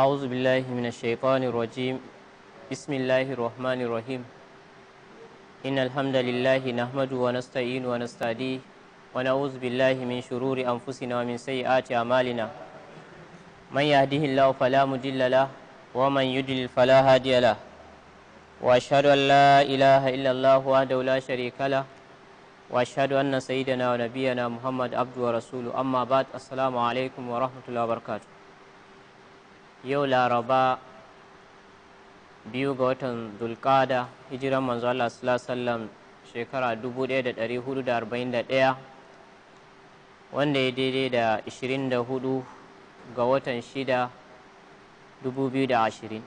أعوذ بالله من الشيطان الرجيم بسم الله الرحمن الرحيم إن الحمد لله نحمده ونستعين ونستهديه ونعوذ بالله من شرور أنفسنا ومن سيئات أعمالنا من يهده الله فلا مضل له ومن يضلل فلا هادي له وأشهد أن لا إله إلا الله وحده لا شريك له وأشهد أن سيدنا ونبينا محمد عبده ورسوله أما بعد السلام عليكم ورحمة الله وبركاته yau laraba biyu ga watan zulkada hijiran manzo Allah sallallahu shekara 1441 wanda ya daidai da 24 ga watan shida 2020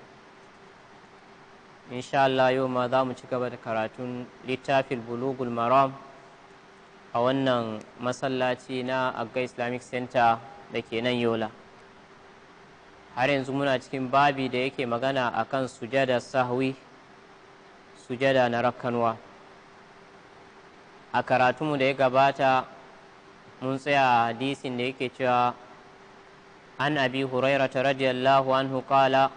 insha Allah yau ma za mu ci gaba da karatun littafin bulugul maram a wannan masallaci na agga islamic center da ke nan yola har yanzu muna cikin babi da yake magana a kan sujada sahwi sujada na rakkanuwa a karatunmu da ya gabata mun tsaya a hadisin da yake cewa an abi hurairata radiyallahu anhu kala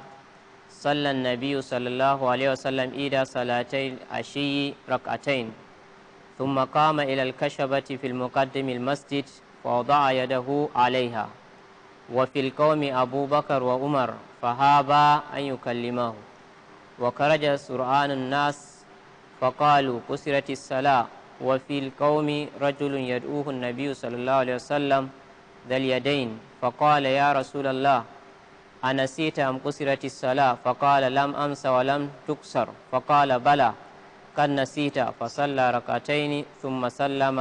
sallan nabiyu sallallahu alaihi wasallam ida salatai ashiyi rakatain thumma kama ilal kashabati fil muqaddimil masjid fa ya dahu alaiha وفي القوم أبو بكر وعمر فهابا أن يكلمه وخرج سرعان الناس فقالوا كسرت الصلاة وفي القوم رجل يدعوه النبي صلى الله عليه وسلم ذا اليدين فقال يا رسول الله أنسيت أم كسرت الصلاة فقال لم أمس ولم تكسر فقال بلى قد نسيت فصلى ركعتين ثم سلم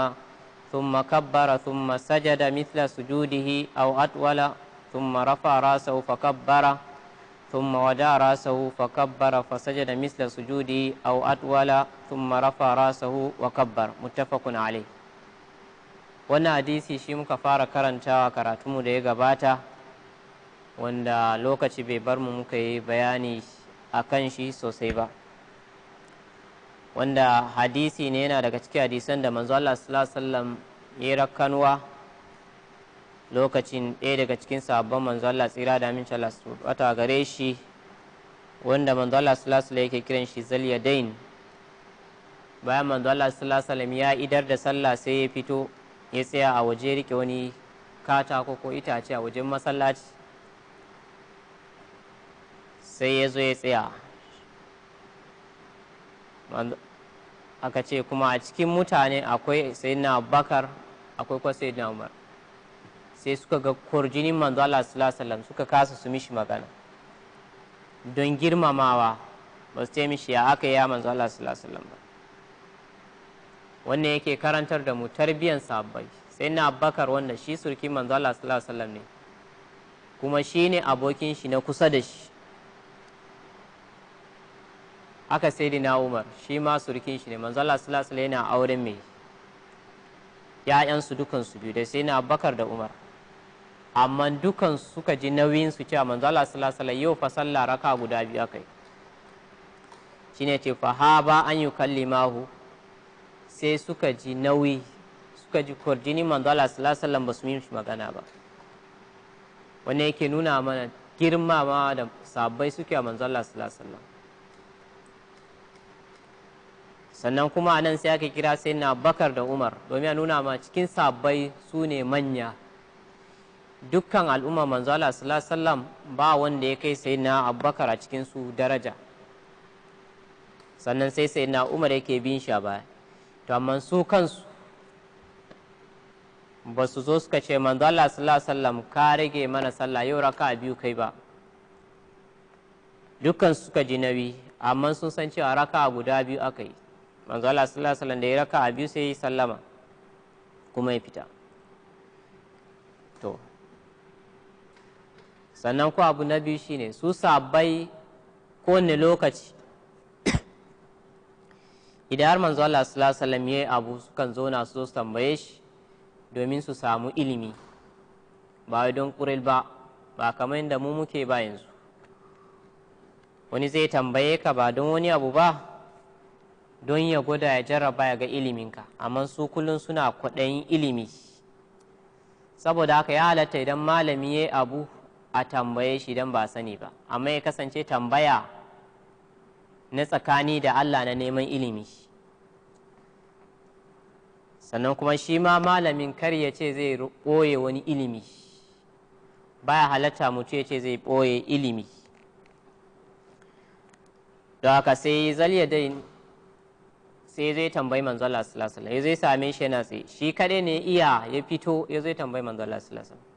ثم كبر ثم سجد مثل سجوده أو أطول ثم رفع رأسه فكبر ثم وجع رأسه فكبر فسجد مثل سجوده أو أطول ثم رفع رأسه وكبر متفق عليه wannan hadisi shi muka fara karantawa karatunmu da ya gabata wanda lokaci bai bar mu muka yi bayani a kan shi sosai ba wanda hadisi ne yana daga cikin hadisan da manzo Allah sallallahu alaihi wasallam ya rakkanwa lokacin ɗaya daga cikin sabon manzo Allah tsira da aminci Allah su wata gare shi wanda manzo Allah sallallahu alaihi wasallam yake kiran shi zaliyadain bayan manzo Allah sallallahu alaihi wasallam ya idar da sallah sai ya fito ya tsaya a waje rike wani katako ko itace a wajen masallaci sai ya zo ya tsaya aka ce kuma a cikin mutane akwai sayyidina bakar akwai kuma sayyidina umar sai suka ga kurjinin manzo Allah sallallahu alaihi suka kasa su mishi magana don girmamawa ba su ce mishi ya aka ya manzo Allah sallallahu alaihi ba wannan yake karantar da mu tarbiyan sabbai sai na bakar wanda shi surki manzo Allah sallallahu alaihi ne kuma shi ne abokin shi na kusa da shi aka sai na umar shi ma surkin shi ne manzo Allah sallallahu alaihi yana auren mai ya'yansu dukansu biyu da sai na bakar da umar amma dukan suka ji nauyin su cewa manzo Allah sallallahu alaihi yau fa sallah raka guda biyu akai shine ce fa ha ba an yukallimahu sai suka ji nauyi suka ji kurjini manzo Allah sallallahu alaihi ba su yi magana ba wannan yake nuna mana girmama da sabbai suke a manzo Allah sallallahu alaihi sannan kuma a nan sai aka kira sai na bakar da umar domin a nuna ma cikin sabbai su ne manya dukkan al'umma manzo Allah sallallahu ba wanda ya kai sai na abubakar a cikin su daraja sannan sai sai na umar yake bin shi a baya to amma su kansu ba su zo suka ce manzo Allah sallallahu alaihi ka rage mana sallah yau raka biyu kai ba dukkan suka ji nawi amma sun san cewa raka guda biyu aka yi manzo Allah sallallahu alaihi wasallam da ya raka a biyu sai ya sallama kuma ya fita to sannan ko abu na biyu shine su sabai kowane lokaci idan har manzo Allah sallallahu alaihi wasallam yayi abu sukan zauna su su tambaye shi domin su samu ilimi ba wai don kuril ba ba kamar yadda mu muke ba yanzu wani zai tambaye ka ba don wani abu ba don ya gwada ya jarraba ya ga iliminka amma su kullum suna kwaɗayin ilimi saboda haka ya halatta idan malami ya abu a tambaye shi idan ba sani ba amma ya kasance tambaya na tsakani da allah na neman ilimi sannan kuma shi ma malamin kar ya ce zai ɓoye wani ilimi baya halatta mutu ya ce zai ɓoye ilimi don haka sai zal sai zai tambayi manzo Allah sallallahu alaihi wasallam ya zai same shi yana sai shi kadai ne iya ya fito ya zai tambayi manzo Allah sallallahu alaihi wasallam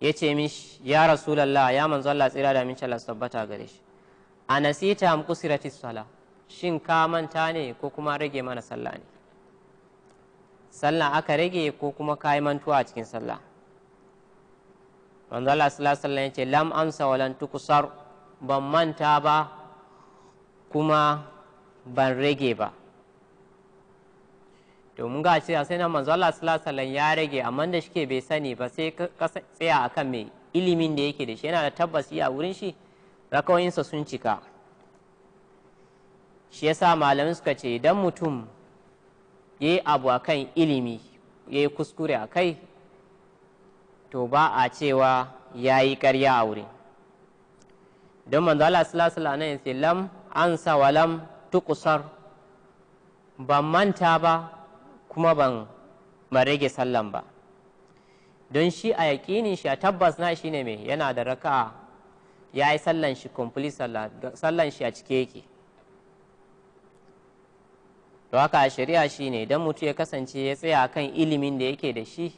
ya ce mishi ya rasulullah ya manzo Allah tsira da min Allah tabbata gare shi a nasita am kusirati sala shin ka manta ne ko kuma rage mana sallah ne sallah aka rage ko kuma kai mantuwa a cikin sallah manzo Allah sallallahu alaihi wasallam ya ce lam amsa walan tukusar ban manta ba kuma ban rage ba domin ga shi sai na manzo Allah sallallahu ya rage amma da shike bai sani ba sai tsaya akan mai ilimin da yake da shi yana da tabbasi a wurin shi sa sun cika shi yasa malamin suka ce idan mutum ya abu akan ilimi ya kuskure akai to ba a cewa yayi yi karya a wurin don manzo Allah sallallahu alaihi wasallam ansa walam tukusar ban manta ba kuma ban marege sallan ba don shi a yaƙinin shi a tabbas na shi ne mai yana da raka'a ya yi sallan shi kumfuli sallan shi a cike yake to haka a shari'a shi ne don mutu ya kasance ya tsaya kan ilimin da yake da shi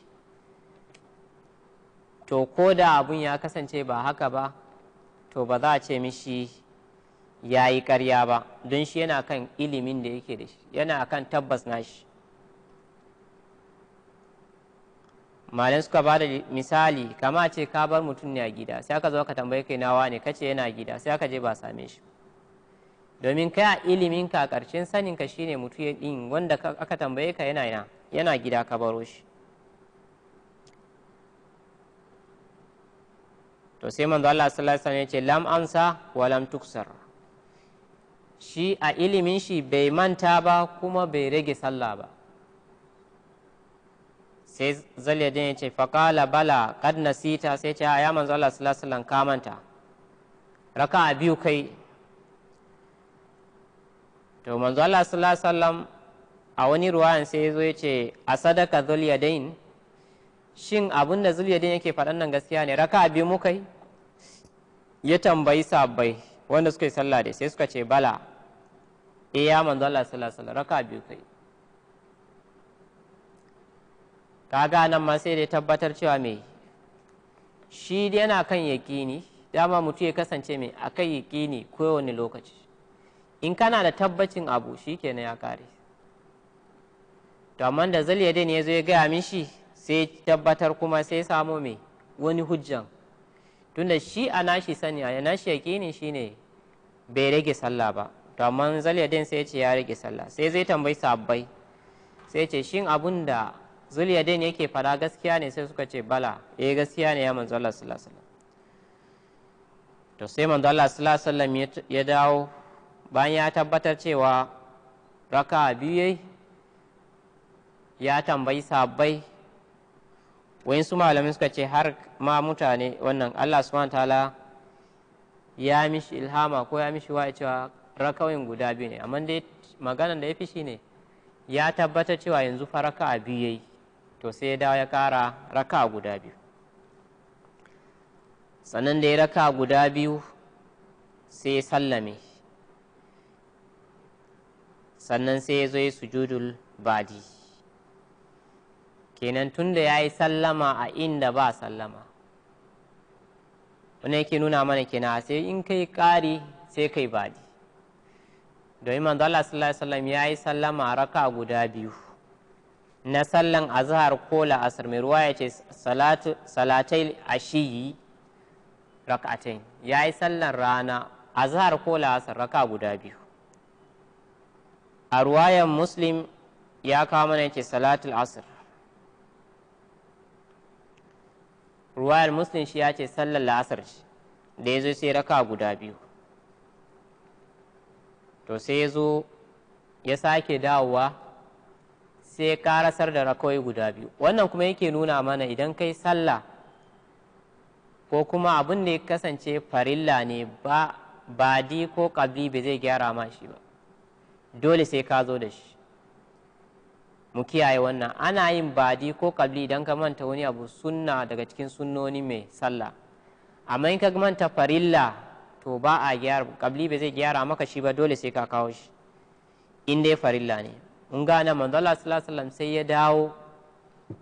to ko da abun ya kasance ba haka ba to ba za a ce mishi ya yi ƙarya ba don shi yana kan ilimin da yake da shi yana kan tabbas na shi malam suka ba da misali kama ce ka bar mutum ne a gida sai aka zo ka tambaye kai nawa ne kace yana gida sai aka je ba same shi domin kai a ilimin ka karshen sanin ka shine mutum ya din wanda aka tambaye ka yana yana yana gida ka baro shi to sai manzo Allah sallallahu alaihi wasallam ya ce lam amsa wa lam tuksar shi a ilimin shi bai manta ba kuma bai rage sallah ba sai zaliyadin ya ce faƙala bala kad nasita sai ce ya manzo Allah sallallahu alaihi ka manta raka a biyu kai to manzo Allah sallallahu alaihi a wani ruwayan sai yazo ya ce a sadaka zulyadain shin abin da zulyadain yake faɗan nan gaskiya ne raka a biyu mukai ya tambayi sabbai wanda suka yi sallah da sai suka ce bala e ya manzo Allah sallallahu alaihi wasallam raka biyu kai kaga nan ma sai dai tabbatar cewa me shi dai yana kan yaqini dama mutum ya kasance mai akai yaqini kowane lokaci in kana da tabbacin abu shi kenan ya kare to amma da zaliyadin ya zo ya gaya mishi sai tabbatar kuma sai samo mai wani hujjan tunda shi a nashi sani a nashi yaƙinin ne bai rage sallah ba to amma zuliyadin sai ce ya rage sallah sai zai tambayi sabbai sai ce shin abun da zuliyadin yake fada gaskiya ne sai suka ce bala e gaskiya ne ya manzo Allah sallallahu alaihi to sai manzo Allah sallallahu alaihi wasallam ya dawo bayan ya tabbatar cewa raka biyu ya tambayi sabbai su malamai suka ce har ma mutane wannan Allah subhanahu ta'ala ya mishi ilhama ko ya mishi wa'i cewa rakawin guda biyu ne amma dai maganan da ya fi shi ne ya tabbata cewa yanzu fa raka'a biyu yayi to sai ya dawo ya kara raka guda biyu sannan da ya raka guda biyu sai ya sallame sannan sai ya zo ya sujudul badi kenan tunda ya yi sallama a inda ba sallama wani yake nuna mana kenan sai in kai ƙari sai kai baɗi domin manzo Allah sallallahu alaihi wasallam ya yi sallama a raka guda biyu na sallan azhar ko la'asar mai ruwa ya ce salatai ashiyi rak'atain ya yi sallan rana azhar ko la'asar raka guda biyu a ruwayan muslim ya kawo mana ce salatul asr ruwayar muslim shi ya ce sallar la'asar shi da ya zo sai raka guda biyu to sai ya zo ya sake dawowa sai karasar da rakawai guda biyu wannan kuma yake nuna mana idan kai sallah ko kuma abin da ya kasance farilla ne ba badi ko ƙabli ba zai gyara ma shi ba dole sai ka zo da shi mu kiyaye wannan ana yin badi ko kabli idan ka manta wani abu sunna daga cikin sunnoni mai sallah amma in ka manta farilla to ba a gyara kabli ba zai gyara maka shi ba dole sai ka kawo shi in dai farilla ne mun gane manzo Allah sallallahu alaihi wasallam sai ya dawo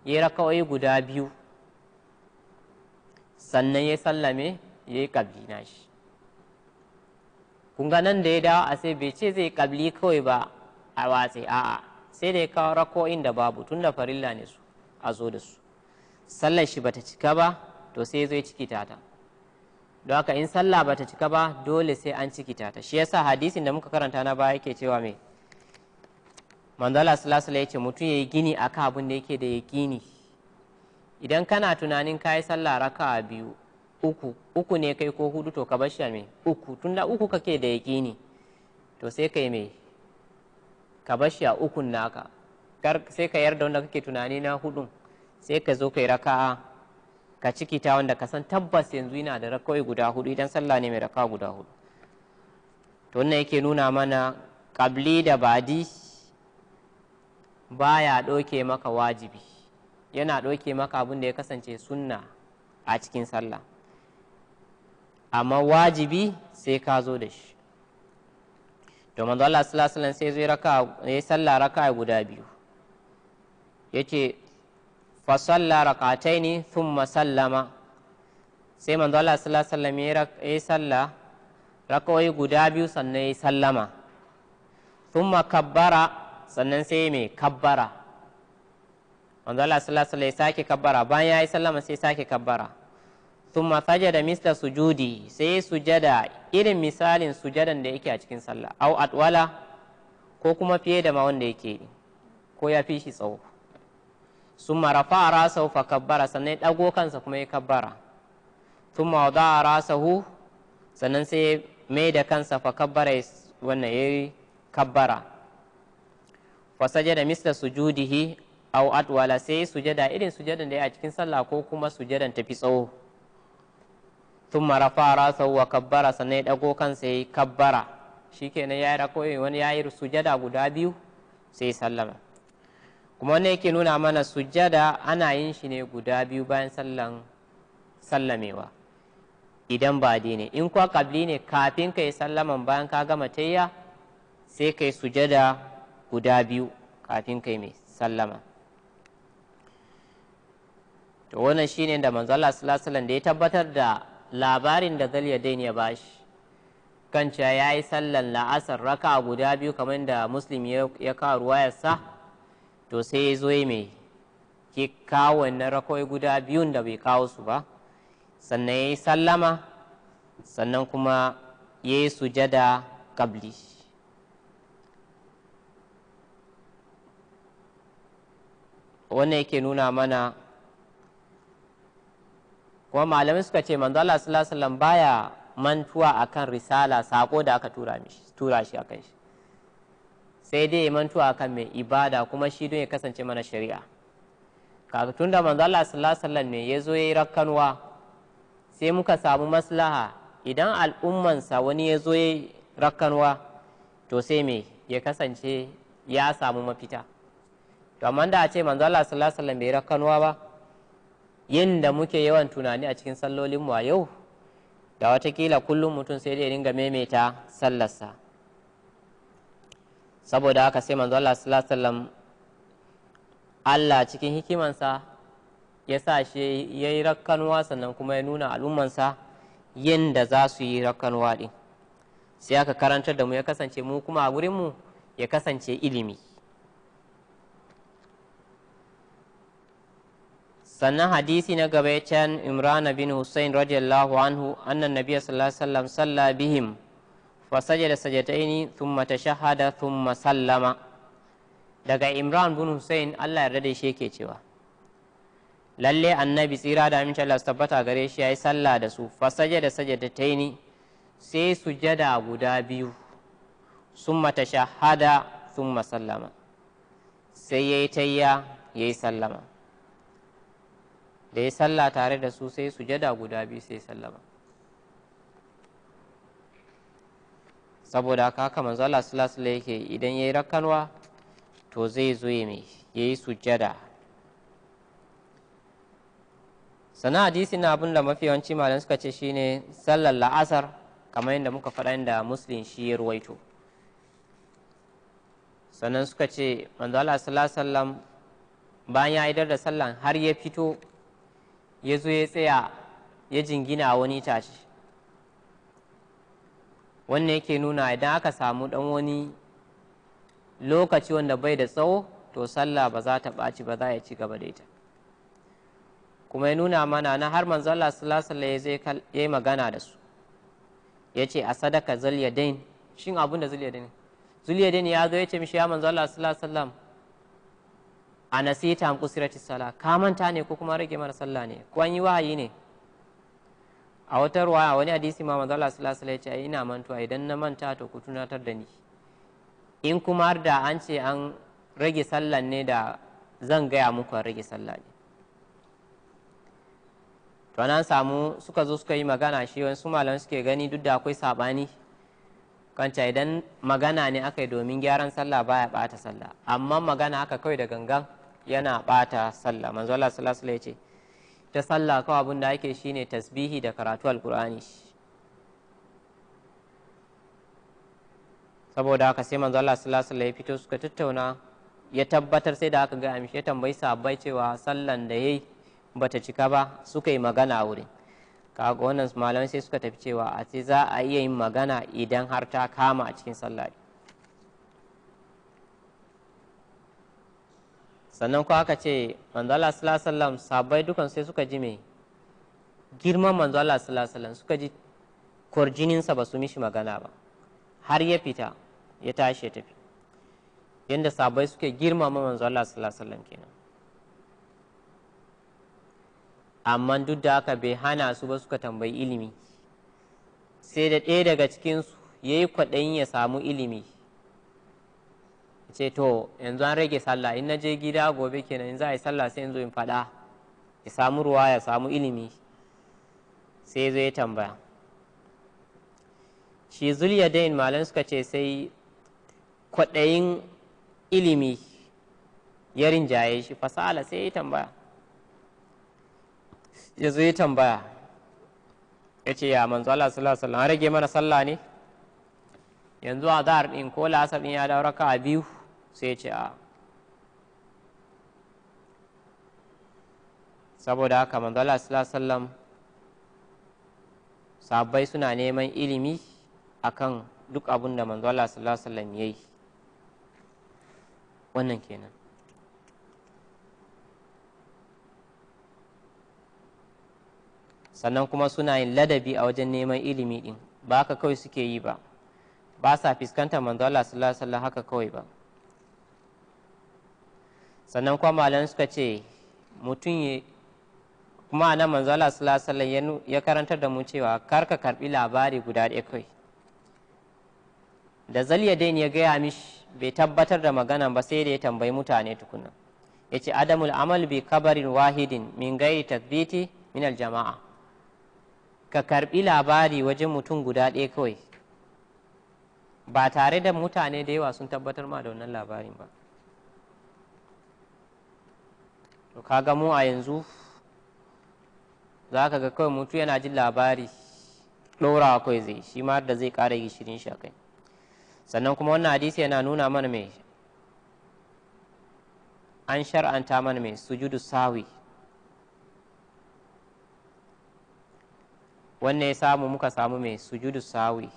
ya raka'o'i guda biyu sannan ya sallame ya yi kabli na shi kun ga nan da ya dawo a sai bai ce zai kabli kawai ba a watsi a'a sai da ya kawo rako'in da babu tun da farilla ne su a zo da su sallar shi bata cika ba to sai ya ciki tata don haka in sallah bata cika ba dole sai an ciki ta shi yasa hadisin da muka karanta na baya yake cewa me manzala sallallahu ya ce mutum ya yi gini akan abin da yake da ya gini idan kana tunanin kayi sallah raka biyu uku uku ne kai ko hudu to ka bar shi me uku tunda uku kake da ya gini to sai kai me ka bar shi a ukun naka sai ka yarda wanda kake tunani na hudun sai ka zo kai raka'a ka ciki ta wanda ka san tabbas yanzu Ina da rakawai guda hudu idan sallah ne mai raka guda hudu to wannan yake nuna mana kabli da badi baya ɗauke maka wajibi yana ɗauke maka abin da ya kasance sunna a cikin sallah amma wajibi sai ka zo da shi to manzo Allah sallallahu alaihi sai zai raka ya salla raka guda biyu yace fa salla rak'ataini thumma sallama sai manzo Allah sallallahu alaihi wasallam ya salla rakawai guda biyu sannan ya sallama thumma kabbara sannan sai mai kabbara manzo Allah sallallahu alaihi ya sake kabbara bayan ya yi sallama sai sake kabbara thumma sajada misla sujudi sai sujada irin misalin sujadan da yake a cikin sallah au atwala ko kuma fiye da ma wanda yake ko ya fi shi tsawo summa rafa rasahu fa kabbara sannan ya ɗago kansa kuma ya kabbara thumma wada rasahu sannan sai ya mai da kansa fa kabbara wannan ya kabbara fa sajada misla sujudihi au atwala sai sujada irin sujadan da ya a cikin sallah ko kuma sujadan tafi tsawo sun marafa rasa wa kabbara sannan ya ɗago kansa ya yi kabbara shi kenan ya yi rakoyi wani ya yi sujada guda biyu sai sallama kuma wannan yake nuna mana sujada ana yin shi ne guda biyu bayan sallan sallamewa idan ba ne in kuwa kabli ne kafin ka yi sallaman bayan ka gama tayya sai ka yi sujada guda biyu kafin ka yi mai sallama to wannan shine da manzala sallallahu da ya tabbatar da labarin da zalyadain ya bashi kan ya yi sallan la'asar raka guda biyu kamar da muslim ya kawo ruwayarsa to sai ya zo mai ki kawo wannan rakoi guda biyun da bai kawo su ba sannan ya yi sallama sannan kuma ya yi sujada kabli wannan yake nuna mana kuma malamai suka ce manzo Allah sallallahu alaihi wasallam baya mantuwa akan risala sako da aka tura mishi tura shi akan shi sai dai ya mantuwa akan mai ibada kuma shi don ya kasance mana shari'a kaga tunda manzo Allah sallallahu alaihi wasallam ne yazo yayi rakkanwa sai muka samu maslaha idan al'ummansa wani ya zo yayi rakkanwa to sai me ya kasance ya samu mafita to amma da a ce manzo Allah sallallahu alaihi wasallam bai rakkanwa ba yin da muke yawan tunani a cikin sallolin mu a yau da watakila kullum mutum sai dai ringa maimaita sallarsa saboda haka sai manzo Allah sallallahu alaihi Allah cikin hikimansa ya sa shi ya yi rakkanuwa sannan kuma ya nuna al'ummansa da za su yi rakkanuwa ɗin sai aka karantar da mu ya kasance mu kuma a gurinmu ya kasance ilimi sannan hadisi na gaba ya can imran bin hussein radiyallahu anhu annan nabiya sallallahu alaihi wasallam salla bihim fa sajada sajataini thumma tashahhada thumma sallama daga imran bin hussein Allah yarda da shi yake cewa lalle annabi tsira da amince Allah su tabbata gare shi yayi sallah da su fa sajada sajadataini sai sujada guda biyu summa tashahhada thumma sallama sai yayi tayya yayi sallama da ya sallah tare da su sai su jada guda biyu sai sallama saboda haka haka manzo Allah sallallahu alaihi yake idan yayi rakkanwa to zai zo ya mai yayi sujada sana hadisi na abin da mafi yawanci malam suka ce shine sallar la'asar kamar yadda muka faɗa inda muslim shi ya ruwaito sannan suka ce manzo Allah sallallahu alaihi wasallam bayan ya idar da sallan har ya fito ya zo ya tsaya ya jingina wani tashi wannan yake nuna idan aka samu dan wani lokaci wanda bai da tsawo to sallah ba za ta ɓaci ba za ya ci gaba da ita kuma ya nuna mana na har manzo Allah sallallahu alaihi ya yi magana da su yace a sadaka zuliyadain shin abun da zuliyadain zuliyadain ya zo yace mishi ya manzo Allah sallallahu alaihi a nasita an kusirati sala ka manta ne ko kuma rage mara sallah ne ko an yi wahayi ne a wata ruwaya wani hadisi ma manzo Allah sallallahu alaihi wasallam ya ina mantuwa idan na manta to ku tunatar da ni in kuma har da an ce an rage sallan ne da zan gaya muku an rage sallah ne to nan samu suka zo suka yi magana shi wani su malamai suke gani duk da akwai sabani kanta idan magana ne aka yi domin gyaran sallah baya bata sallah amma magana aka kawai da gangan yana bata sallah manzo Allah sallallahu alaihi ce ta sallah kawai abin da ake shine tasbihi da karatu alqur'ani saboda haka sai manzo Allah sallallahu alaihi ya fito suka tattauna ya tabbatar sai da aka ga amshi ya tambayi sahabbai cewa sallan da yayi bata cika ba suka yi magana wurin kaga wannan malamai sai suka tafi cewa a ce za a iya yin magana idan har ta kama a cikin sallah sannan ko aka ce manzo Allah sallallahu alaihi wasallam sabai dukan sai suka ji me girman manzo Allah sallallahu alaihi wasallam suka ji kurjinin sa su mishi magana ba har ya fita ya tashi ya tafi yanda sabai suke girmama manzo Allah sallallahu alaihi wasallam kenan amma duk da aka bai hana su ba suka tambayi ilimi sai da ɗaya daga cikinsu ya yi kwaɗayin ya samu ilimi ce to yanzu an rage sallah in na je gida gobe kenan in za a yi sallah sai in zo in faɗa ya samu ruwa ya samu ilimi sai zo ya tambaya shi dain malam suka ce sai kwaɗayin ilimi ya rinjaye shi fasala sai ya tambaya ya zo ya tambaya ya ce ya manzo Allah sallallahu alaihi wasallam rage mana sallah ne yanzu a zahar din ko la'asar din ya daura raka a biyu sai ce a saboda haka manzala sallam sabbai suna neman ilimi akan duk abin da manzala sallam ya yi wannan kenan sannan kuma suna yin ladabi a wajen neman ilimi din ba haka kawai suke yi ba ba sa fiskantar manzala sallallahu haka kawai ba sannan kuma malam suka ce mutum ya kuma na manzo Allah sallallahu alaihi ya karantar da mu cewa kar ka karbi labari guda ɗaya kai da zalyadain ya gaya mishi bai tabbatar da magana ba sai da ya tambayi mutane tukuna ya ce adamul amal bi kabarin wahidin min gairi tasbiti min aljama'a ka karbi labari wajen mutum guda ɗaya kawai ba tare da mutane da yawa sun tabbatar ma da wannan labarin ba to kaga mu a yanzu za ka ga kawai mutu yana jin labari ɗora kawai zai shi ma da zai ƙara gishirin shi kai sannan kuma wannan hadisi yana nuna mana mai an shar'anta mana mai sujudu sawi wannan ya samu muka samu mai sujudu sawi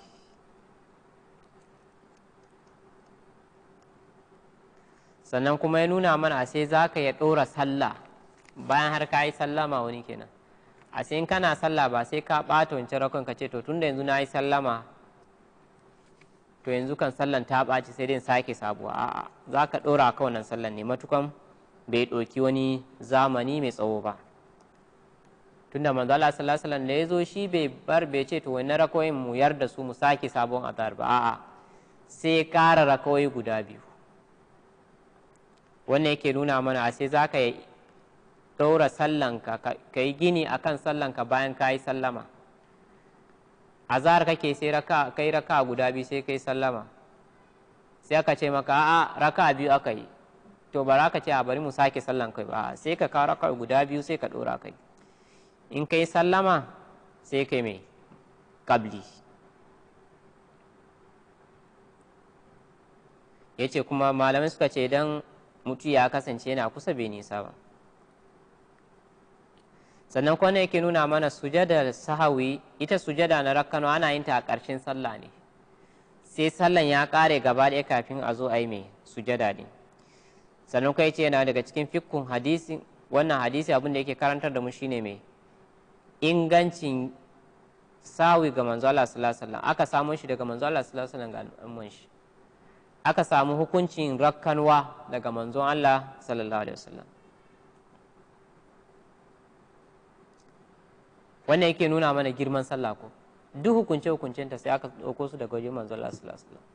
sannan kuma ya nuna mana a sai za ka ya ɗora sallah bayan har ka yi sallama wani kenan a sai in kana sallah ba sai ka ɓata wancan rakon ka ce to tunda yanzu na yi sallama to yanzu kan sallan ta ɓaci sai dai sake sabuwa a'a za ka ɗora ka wannan sallan ne matukan bai ɗoki wani zamani mai tsawo ba tunda manzo Allah sallallahu alaihi wasallam ya zo shi bai bar bai ce to wannan rakoyin mu yarda su mu sake sabon azhar ba a'a sai ƙara rakoyi guda biyu wannan yake nuna mana ashe za ka ɗaura sallanka ka yi gini a kan sallanka bayan ka yi sallama a azahar kake sai ka yi raka guda biyu sai kai sallama sai aka ce maka a'a raka biyu aka yi to ba ka ce a bari mu sake sallan kai ba sai ka kawo raka guda biyu sai ka ɗora kai in ka yi sallama sai ka mai kabli ya ce kuma malamai suka ce don. mutu ya kasance yana kusa bai nisa ba sannan kwana yake nuna mana sujada sahawi ita sujada na rakkano ana yin ta a ƙarshen sallah ne sai sallan ya ƙare gaba ɗaya kafin a zo a yi mai sujada ne sannan kai ce yana daga cikin fikkun hadisi wannan hadisi abin da yake karantar da mu shine mai ingancin sawi ga manzo Allah sallallahu alaihi wasallam aka samo shi daga manzo Allah sallallahu alaihi wasallam ga al'umman shi aka samu hukuncin rakkanwa daga manzon Allah sallallahu alaihi wasallam wannan yake nuna mana girman sallah ko duk hukunce hukuncenta sai aka doko su daga wajen manzon Allah sallallahu alaihi wasallam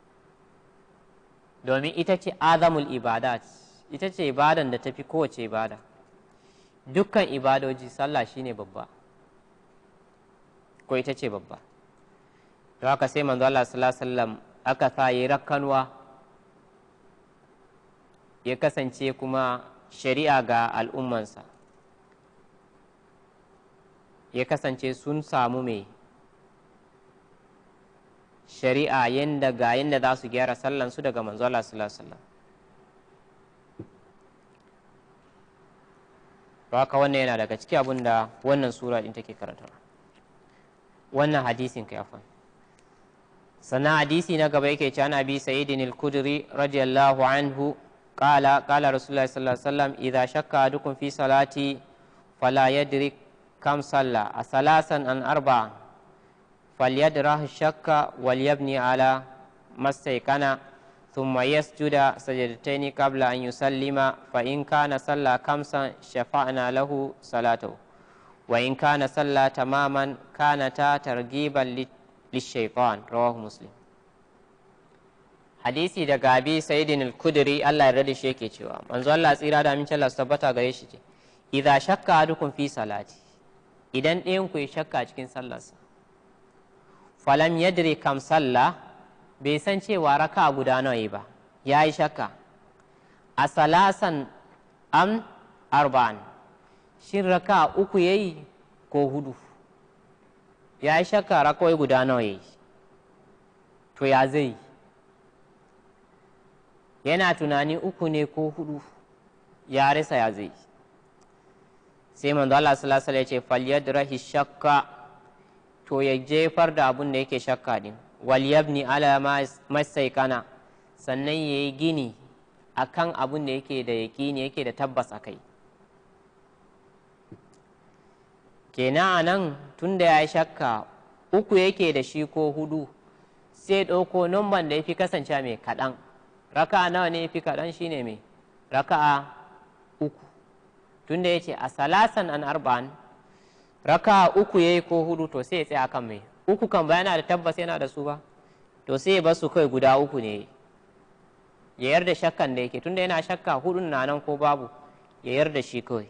domin ita ce azamul ibadat ita ce ibadan da tafi kowace ibada dukkan ibadoji sallah shine babba ko ita ce babba to haka sai manzo Allah sallallahu alaihi wasallam aka sa yi rakkanwa ya kasance kuma shari'a ga al'ummansa ya kasance sun samu mai shari'a yadda ga yadda za su gyara sallansu daga manzola sallallahu haka wannan yana daga ciki abin da wannan sura din take karanta wannan hadisin ka yafa sannan hadisi na gaba yake cewa an sayyidin al-kudri radiyallahu anhu قال قال رسول الله صلى الله عليه وسلم إذا شك أحدكم في صلاتي فلا يدري كم صلى أثلاثا أن أربعا فليدره الشك وليبني على ما استيقن ثم يسجد سجدتين قبل أن يسلم فإن كان صلى خمسا شفعنا له صلاته وإن كان صلى تماما كانتا ترغيبا للشيطان رواه مسلم hadisi daga abi sayyidin al-kudri Allah yarda da shi yake cewa manzo Allah tsira da amincin Allah tabbata gare shi ce idza shakka adukum fi salati idan ɗayan ku ya shakka cikin sallarsa falam yadri kam salla bai san cewa raka guda nawa ba ya yi shakka a salasan am arba'an shin raka uku yayi ko hudu ya yi shakka rakawai guda nawa yayi to ya zai yi yana tunani uku ne ko hudu ya rasa ya zai sai manzo Allah sallallahu alaihi ce falyadrahi shakka to ya jefar da abun da yake shakka din wal yabni ala masaikana sannan yayi gini akan abun da yake da yaqini yake da tabbas akai kenan anan tunda ya shakka uku yake da shi ko hudu sai ɗauko numban da ya fi kasance mai kaɗan raka'a nawa ne fi kaɗan shine mai raka'a uku tunda ya ce a salasan an arba'an raka'a uku ya yi ko hudu to sai ya tsaya kan mai uku kan ba yana da tabbas yana da su ba to sai ya bar su kai guda uku ne ya yarda shakkan da yake tunda yana shakka hudun na nan ko babu ya yarda shi kawai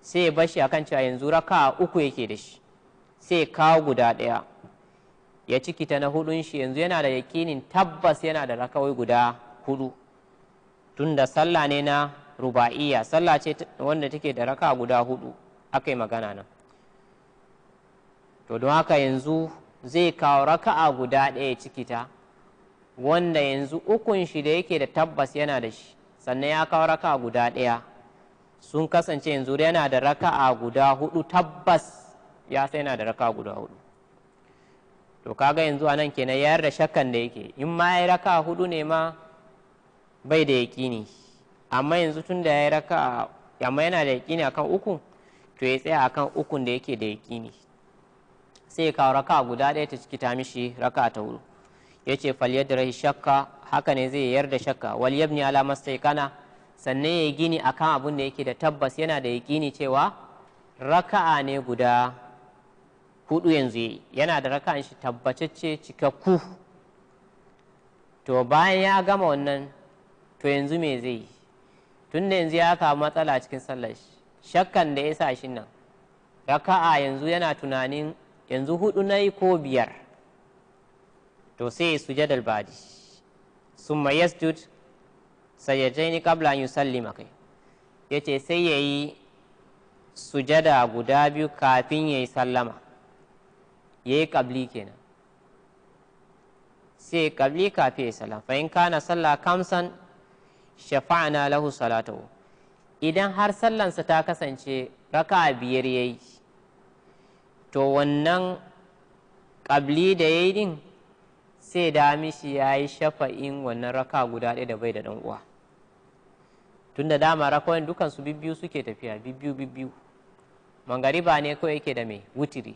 sai ya bar shi akan cewa yanzu raka'a uku yake da shi sai ya kawo guda ɗaya ya ciki ta na hudun shi yanzu yana da yakinin tabbas yana da rakawai guda hudu tunda sallah ne na ruba'iya sallah ce wanda take da raka guda hudu aka yi magana nan to don haka yanzu zai kawo raka'a guda ɗaya ciki ta wanda yanzu ukun shi da yake da tabbas yana da shi sannan ya kawo raka'a guda ɗaya sun kasance yanzu yana da raka'a guda hudu tabbas ya sai yana da raka'a guda hudu to kaga yanzu a anan kenan yayar da shakkan da yake in ma ya raka hudu ne ma bai da yaƙini amma yanzu tun da ya raka amma yana da yaƙini akan uku to ya tsaya akan uku da yake da yaƙini sai ya kawo raka guda ɗaya ta ciki ta mishi raka ta hudu ya ce rahi shakka haka ne zai yarda shakka wal yabni sai kana sannan ya yi gini akan abun da yake da tabbas yana da yaƙini cewa raka'a ne guda hudu yanzu yana da raka'an shi tabbatacce cikakku to bayan ya gama wannan to yanzu me zai yi tun da yanzu ya kawo matsala cikin sallar shi shakkan da ya sa shi nan raka'a yanzu yana tunanin yanzu hudu na ko biyar to sai ya sujadar badi summa yasjud sajadaini qabla an yusallima kai yace sai yayi sujada guda biyu kafin yayi sallama yayi yi ƙabli kenan sai ƙabli kafin ya salam fa in kana salla kamsan shafa'ana lahu salatu idan har sallansa ta kasance raka biyar ya yi to wannan ƙabli da ya yi din sai da mishi ya yi shafa'in wannan raka guda ɗaya da bai da ɗan uwa tunda da dama rakawan dukansu bibbiyu suke tafiya bibbiyu bibbiyu mangariba ne kawai yake da mai wutiri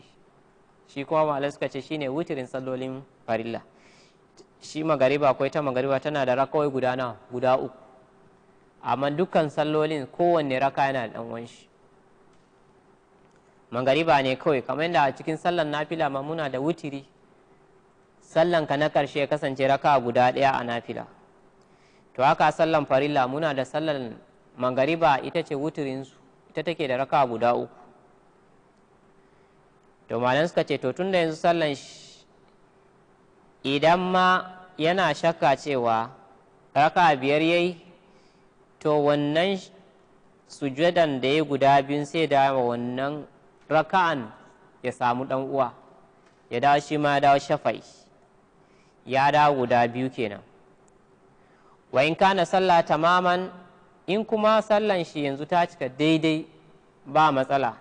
shi kuma malamai suka ce shine witirin sallolin farilla shi magariba akwai ta magariba tana da rakawai guda na guda uku amma dukkan sallolin kowanne raka yana da ɗan shi magariba ne kawai kamar yadda a cikin sallan nafila ma muna da wutiri sallan ka na karshe ya kasance raka guda ɗaya a nafila to haka sallan farilla muna da sallan magariba ita ce wutirinsu ita take da raka guda uku to malam suka ce to tun da yanzu sallan idan ma yana shakka cewa raka biyar yayi to wannan sujadan da ya guda biyun sai da wannan raka'an ya samu dan uwa ya dawo shi ma dawo shafai ya dawo guda biyu kenan wa in kana sallah tamaman in kuma sallan shi yanzu ta cika daidai ba matsala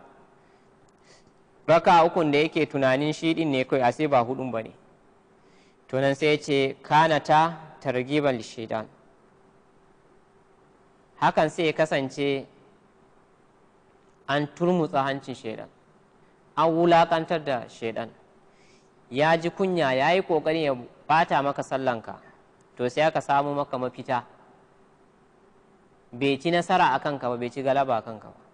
raka ukun da yake tunanin shi din ne kai sai ba hudun bane to nan sai ce kana ta targiban shaitan hakan sai ya kasance an turmutsa hancin shaidan an wulakantar da shaidan ya ji kunya ya yi ƙoƙarin ya bata maka sallanka to sai aka samu maka mafita bai ci nasara a kanka ba bai ci galaba a kanka ba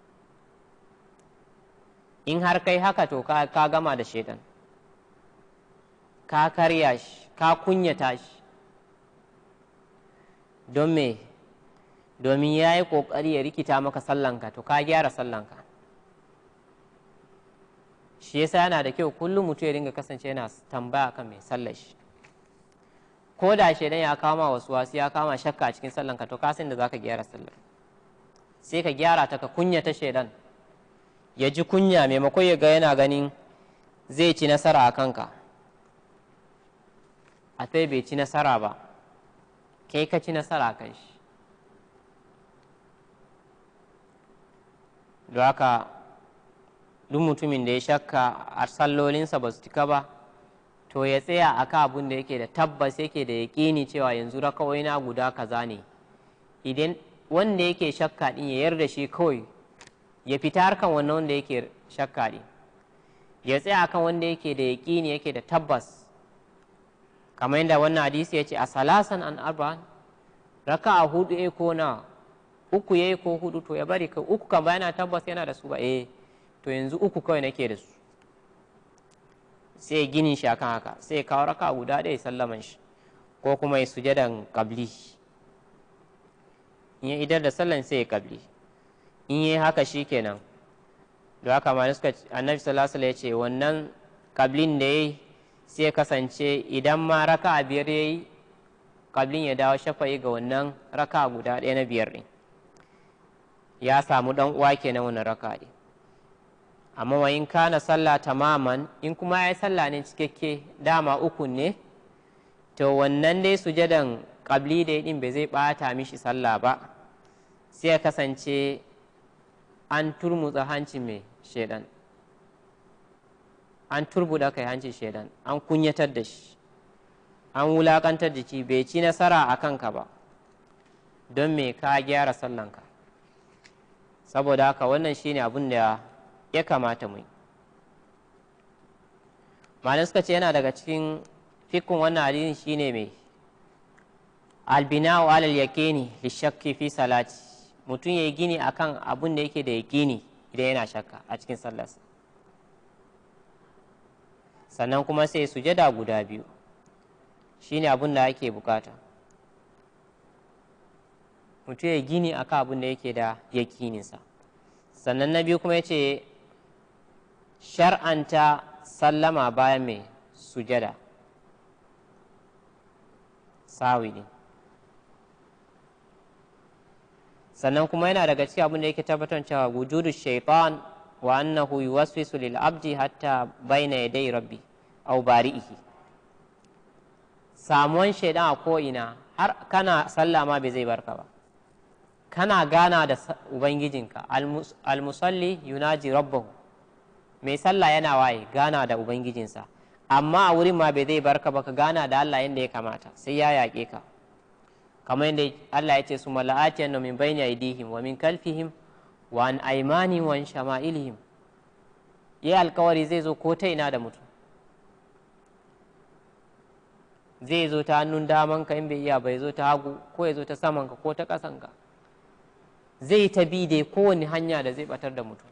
in har kai haka to ka gama da shaidan ka karya shi ka kunyata shi don me domin ya yi ƙoƙari ya rikita maka sallanka to ka gyara sallanka shi yasa yana da kyau kullum mutum ya dinga kasance yana tambaya kan mai sallar shi ko da shaidan ya kama wasu wasu ya kama shakka a cikin sallanka to ka san da ka gyara sallar sai ka gyara ta ka kunyata shaidan ya ji kunya maimakon ya ga yana ganin zai ci nasara a kanka a sai bai ci nasara ba kai ka ci nasara a kan shi haka duk mutumin da ya shakka a sallolinsa ba su cika ba to ya tsaya a ka abin da yake da tabbas yake da ya yaƙini cewa yanzu rakawai na guda kaza ne idan wanda yake shakka din ya yarda shi kawai ya fita harkan wannan wanda yake shakka ne ya tsaya akan wanda yake da yaƙini yake da tabbas kamar yadda wannan hadisi ya ce a salasan an arba raka a hudu ya ko na uku ya ko hudu to ya bari kai uku kan bayana tabbas yana da su ba eh to yanzu uku kawai nake da su sai ginin shi akan haka sai kawo raka guda ɗaya sallaman shi ko kuma ya sujadan kabli in ya idar da sallan sai ya kabli in yi haka shi kenan da haka ma suka annabi sallallahu alaihi ya ce wannan kablin da yayi sai kasance idan ma raka biyar yayi kablin ya dawo shafa'i ga wannan raka guda ɗaya na biyar ɗin ya samu dan uwa kenan wannan raka ɗin amma wa in kana sallah tamaman in kuma ya yi sallah ne cikakke dama uku ne to wannan dai sujadan kabli da ɗin bai zai ɓata mishi sallah ba sai ya kasance an turmutsa hanci mai shaidan an turbuda kai hanci shaidan an kunyatar da shi an wulakantar da shi bai ci nasara a kanka ba don me ka gyara sallanka saboda haka wannan shine abin da ya kamata mu malam suka ce yana daga cikin fikkun wannan hadisin shine mai albina wa alal yaqini li shakki fi salati mutum ya yi gini a kan abun da yake da ya gini idan yana shakka a cikin sallarsa sannan kuma sai sujada guda biyu shi ne abun da ake bukata mutum ya gini a kan abun da yake da ya kininsa sannan na biyu kuma ya ce shar'anta sallama bayan mai sujada sawi ne sannan kuma yana daga cikin abin da yake tabbatar cewa wujudu shaitan wa annahu yuwaswisu lil abdi hatta baina yadai rabbi aw bari'ihi samuwan shaydan a ko'ina har kana sallah ma bai zai barka ba kana gana da ubangijinka almusalli yunaji rabbahu mai sallah yana waye gana da ubangijinsa amma a wurin ma bai zai barka ba ka gana da Allah yadda ya kamata sai ya yaƙe ka kamar yadda Allah ya ce su mala'atiyan na min bayni aidihim wa min kalfihim wa an aimani wa an shama'ilihim ya alkawari zai zo ko ta ina da mutum zai zo ta hannun daman ka in bai iya bai zo ta hagu ko ya zo ta saman ka ko ta kasan ka zai ta bi dai kowane hanya da zai batar da mutum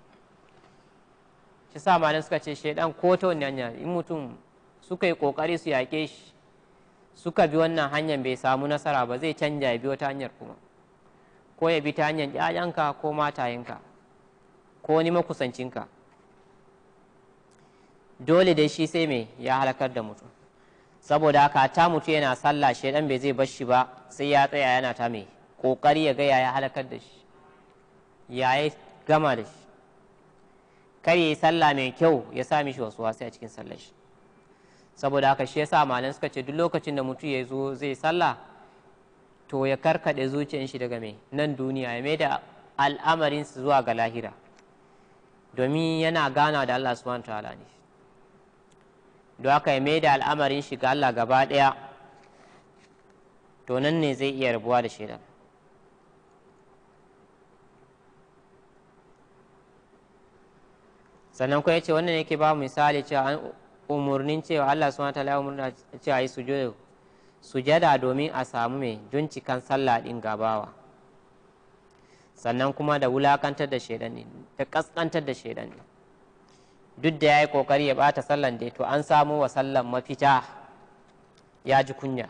shi sa malam suka ce shaidan ko ta wani hanya in mutum suka yi kokari su yaƙe shi suka bi wannan hanyar bai samu nasara ba zai canja ya bi wata hanyar kuma ko ya bi ta hanyar ƴaƴanka ko matayenka ko wani makusancinka dole dai shi sai mai ya halakar da mutum saboda haka ta mutu yana sallah shaidan bai zai bar shi ba sai ya tsaya yana ta mai kokari ya ga ya halakar da shi ya gama da shi kar ya yi sallah mai kyau ya sa shi wasu wasu a cikin sallar shi saboda haka shi yasa malan suka ce duk lokacin da mutum ya zo zai sallah to ya karkade zuciyar shi daga mai nan duniya ya mai da al'amarin su zuwa ga lahira domin yana gana da Allah subhanahu ta'ala ne don haka ya mai da al'amarin shi ga Allah gaba daya to nan ne zai iya rabuwa da shi sannan kuma ya ce wannan yake ba misali cewa umurnin cewa Allah suna wataala ya umurna cewa yi sujada domin a samu mai juncikan sallah din gabawa sannan kuma da wulakantar da shaidani da kaskantar da shaidani. duk da ya yi kokari ya bata sallan da to an samu wa sallan mafita ya ji kunya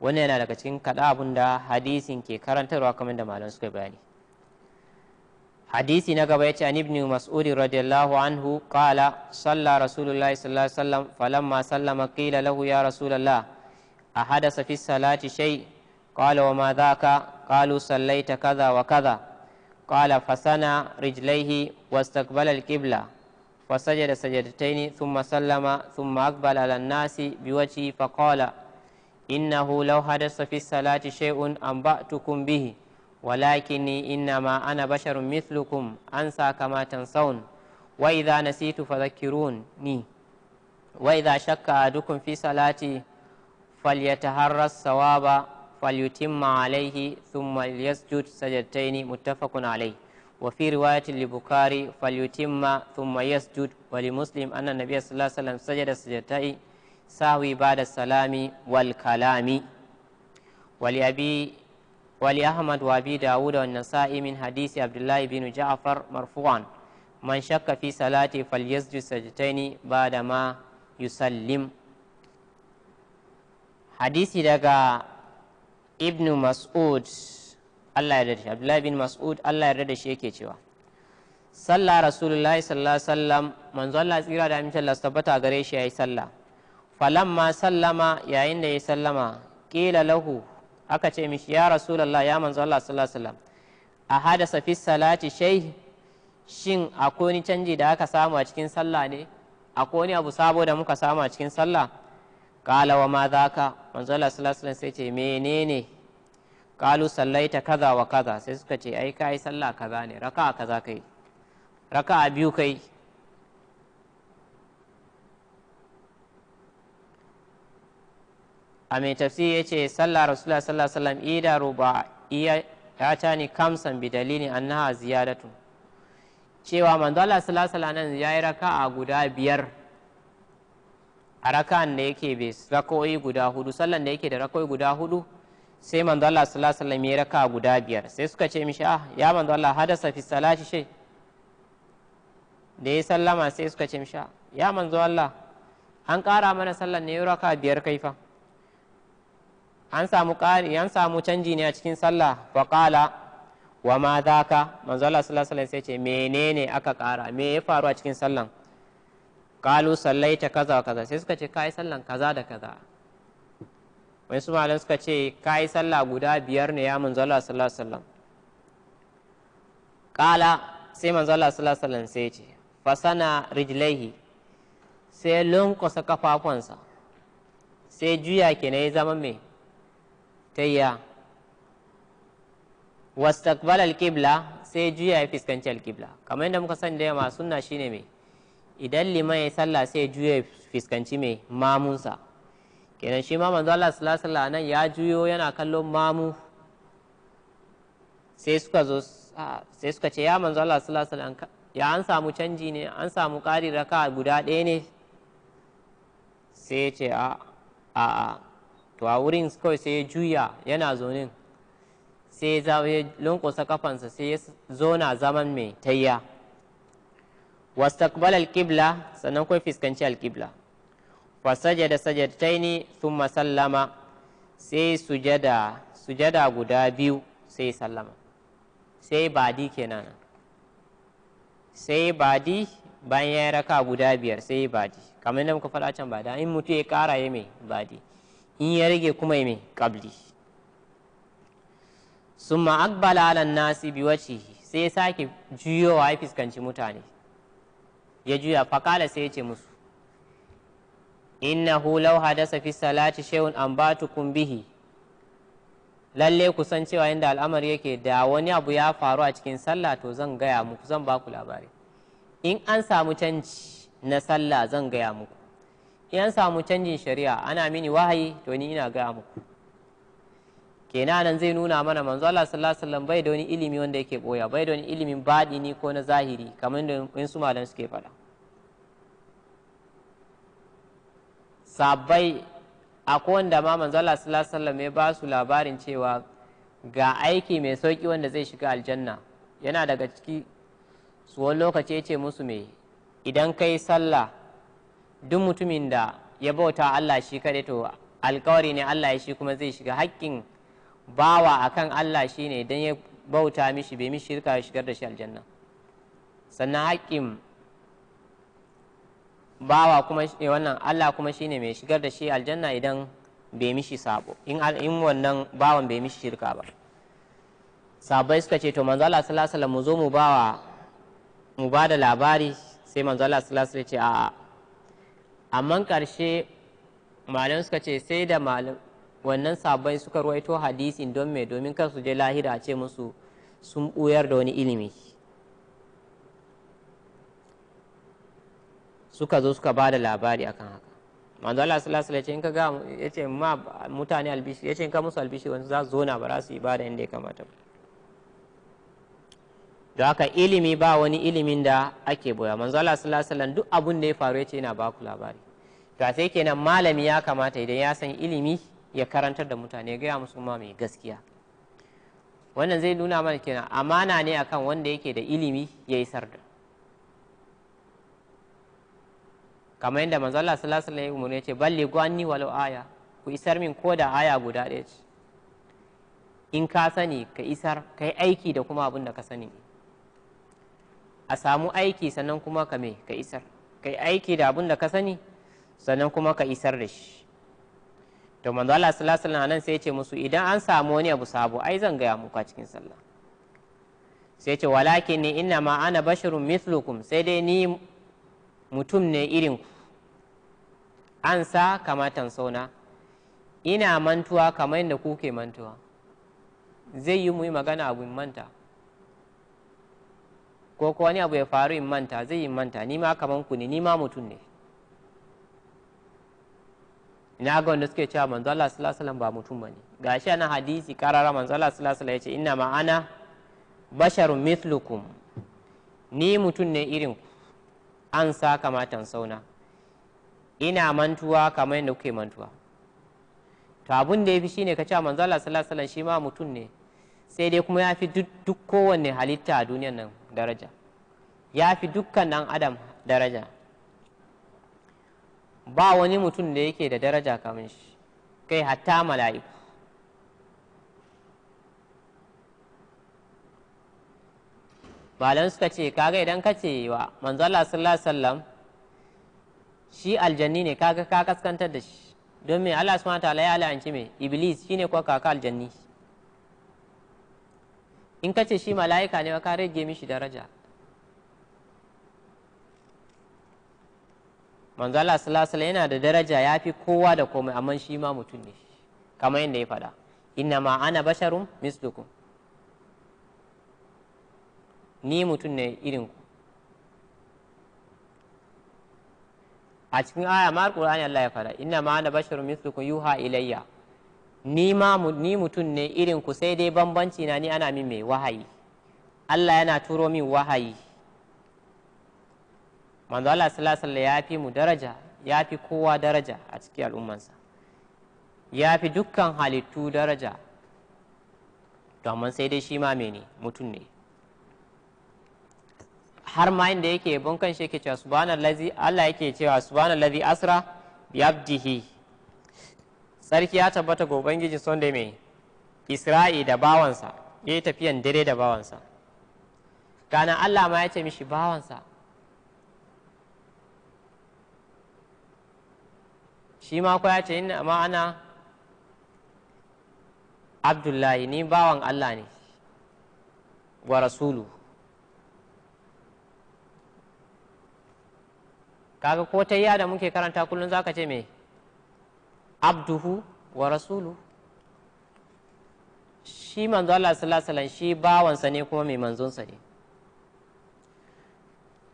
wannan yana daga cikin kaɗa abin da hadisin ke karantarwa kamar da malam suka bayani hadisi na gaba yace an ibn mas'ud radiyallahu anhu qala salla rasulullahi sallallahu alaihi wasallam falamma sallama qila lahu ya rasulullah ahadasa fi salati shay qala wa ma dhaka qalu sallaita kaza wa kaza qala fasana rijlaihi واستقبل القبلة فسجد سجدتين ثم سلم ثم أقبل على الناس بوجهه فقال إنه لو حدث في الصلاة شيء أنبأتكم به ولكني إنما أنا بشر مثلكم أنسى كما تنسون وإذا نسيت فذكروني وإذا شك أحدكم في صلاتي فليتهرى الصواب فليتم عليه ثم ليسجد سجدتين متفق عليه وفي رواية لبكاري فليتم ثم يسجد ولمسلم أن النبي صلى الله عليه وسلم سجد سجدتين ساوي بعد السلام والكلام ولأبي ولأحمد وأبي داود والنسائي من حديث عبد الله بن جعفر مرفوعا من شك في صلاته فليسجد سجدتين بعدما يسلم حديث دقا ابن مسعود الله يرد عبد الله بن مسعود الله يرد شيء كيتشوا صلى رسول الله صلى الله عليه وسلم من صلى الله عليه وسلم استبتا غريش يا صلى فلما سلم يا إن يسلم قيل له aka ce mishi ya rasulallah ya manzo Allah sallallahu alaihi wasallam a hadasa fi salati shay shin akwai wani canji da aka samu a cikin sallah ne akwai wani abu sabo da muka samu a cikin sallah qala wa ma zaka manzo Allah sallallahu alaihi wasallam sai ce menene qalu sallaita kaza wa kaza sai suka ce ai kai sallah kaza ne raka'a kaza kai raka'a biyu kai a mai tafsir ya ce sallah rasulullah sallallahu alaihi wasallam ida ruba iya ya ta ni kamsan bi dalilin annaha ziyadatu cewa manzo Allah sallallahu alaihi wasallam ya yi raka'a guda biyar a raka'an da yake bai rakoyi guda hudu sallan da yake da rakoyi guda hudu sai manzo Allah sallallahu alaihi wasallam yayi raka'a guda biyar sai suka ce mishi ah ya manzo Allah hadasa fi salati shay da ya sallama sai suka ce mishi ah, ya manzo Allah an kara mana sallan ne raka biyar kai fa an samu ƙari an samu canji ne a cikin sallah wa qala wa ma dhaka manzo Allah sallallahu alaihi wasallam sai ce menene aka ƙara me ya faru a cikin sallan qalu sallaita kaza kaza sai suka ce kai sallan kaza da kaza wai su malam suka ce kai sallah guda biyar ne ya manzo Allah sallallahu alaihi wasallam qala sai manzo Allah sallallahu alaihi wasallam sai ce fasana rijlaihi sai lunkusa kafafunsa sai juya kenan ya zama mai tayya wastaqbal al-qibla sai juya ya fuskanci al-qibla kamar yadda muka sani da yamma sunna shine me idan liman ya sallah sai juya ya fuskanci me mamunsa kenan shi ma manzo Allah sallallahu alaihi wasallam nan ya juyo yana kallon mamu sai suka zo sai suka ce ya manzo Allah sallallahu alaihi wasallam ya an samu canji ne an samu ƙari raka guda ɗaya ne sai ce a a to a wurin kawai sai ya juya yana zonin sai ya zawo ya lunkusa kafansa sai ya zona zaman mai tayya wastaqbala alqibla sannan kawai fiskanci alqibla da taini sun sallama sai sujada sujada guda biyu sai sallama sai badi kenan sai badi bayan ya raka guda biyar sai badi kamar yadda muka faɗa can da in mutu ya ƙara ya mai badi in ya rage kuma mai kabli summa aqbala ala nasi wace sai ya sake juyowa ya fuskanci mutane ya juya fakala sai ya ce musu innahu law hadasa fi salati shay'un an batukum bihi lalle ku san cewa inda al'amari yake da wani abu ya faru a cikin sallah to zan gaya muku zan ba ku labari in an samu canci na sallah zan gaya muku in samu canjin shari'a ana mini wahayi to ni ina ga muku kenan nan zai nuna mana manzo Allah sallallahu alaihi wasallam bai da wani ilimi wanda yake boya bai da wani ilimin badi ni ko na zahiri kamar da in su malan suke fada sabai akwai wanda ma manzo Allah sallallahu alaihi wasallam ya ba su labarin cewa ga aiki mai sauki wanda zai shiga aljanna yana daga ciki su wani lokaci ya ce musu me idan kai sallah duk mutumin da ya bauta Allah shi kaɗai to alkawari ne Allah ya shi kuma zai shiga hakkin bawa akan Allah shi ne don ya bauta mishi bai mishi shirka shigar da shi aljanna sannan hakkin bawa kuma wannan Allah kuma shi ne mai shigar da shi aljanna idan bai mishi sabo in wannan bawan bai mishi shirka ba sabai suka ce to manzo Allah sallallahu alaihi wasallam mu zo mu bawa mu ba da labari sai manzo Allah sallallahu alaihi wasallam ya ce a'a amma ƙarshe malam suka ce sai da malam wannan sabon suka ruwaito hadisin don mai domin kansu je lahira a ce musu sun ɓuyar da wani ilimi suka zo suka ba da labari akan haka manzo Allah sallallahu alaihi wasallam in ka ga yace ma mutane albishi yace in ka musu albishi wanda za su zo na ba za su yi ibada inda ya kamata ba don haka ilimi ba wani ilimin da ake boya manzo Allah sallallahu alaihi duk abun da ya faru yace ina baku labari to sai kenan malami ya kamata idan ya san ilimi ya karantar da mutane ya gaya musu mai gaskiya wannan zai nuna mana kenan amana ne akan wanda yake da ilimi ya isar da kamar yadda manzo Allah sallallahu alaihi wasallam ya ce balli anni walau aya ku isar min ko da aya guda ɗaya ce in ka sani ka isar kai aiki da kuma abin da ka sani a samu aiki sannan kuma ka me ka isar ka yi aiki da abin da ka sani sannan kuma ka isar da shi to manzo Allah sallallahu alaihi wasallam sai ya ce musu idan an samu wani abu sabo ai zan gaya muku a cikin sallah sai ce walakin ni inna ma ana basharun mithlukum sai dai ni mutum ne irin ku an sa kamatan sauna ina mantuwa kamar yadda kuke mantuwa zai yi muyi magana abin manta ko ko wani abu ya faru in manta zai yi manta ni ma kaman ku ne ni ma mutum ne ina ga wanda suke cewa manzo Allah sallallahu alaihi wasallam ba mutum bane gashi ana hadisi karara manzo Allah sallallahu alaihi wasallam yace inna ma ana basharun mithlukum ni mutum ne irin ku an sa kamatan sauna ina mantuwa kamar yadda kuke mantuwa to abun da yafi shine ka cewa manzo Allah sallallahu alaihi wasallam shi ma mutum ne sai dai kuma ya fi duk kowanne halitta a duniyan nan daraja ya fi dukkan nan adam daraja ba wani mutum da yake da daraja kamun shi kai hatta mala'iku don suka ce kaga idan ka ce wa manzala sallallahu alaihi wasallam shi aljanni ne kaga ka kaskantar da shi don me Allah subhanahu ta'ala ya la'anci me iblis shine kuwa kaka aljanni in ka ce shi mala'ika ne ka rage mishi daraja manzala salasala yana da daraja ya fi kowa da komai amma shi ma mutum ne kamar yadda ya faɗa inna ma ana basharun mislukum ni mutum ne irin ku. a cikin aya ma alƙur'ani Allah ya faɗa inna ma ana basharun mislukum yuha ilayya ni ma ni mutum ne irin ku sai dai bambanci na ni ana min mai wahayi Allah yana turo min wahayi manzo Allah sallallahu alaihi ya fi mu daraja ya fi kowa daraja a cikin al'ummansa ya fi dukkan halittu daraja domin sai dai shi ma mene mutum ne har ma inda yake bunkan shi yake cewa subhanallazi Allah yake cewa subhanallazi asra bi Sarki ya tabbata ga ubangiji da mai isra'i da bawansa ya yi tafiyan dare da bawansa gana allah ma ya ce mishi bawansa shi ma ko ya ce inna ma'ana abdullahi ni bawan allah ne wa rasulu kaga ko ta da muke karanta kullum ka ce me abduhu wa rasulu shi manzo Allah sallallahu alaihi shi bawansa ne kuma mai manzonsa ne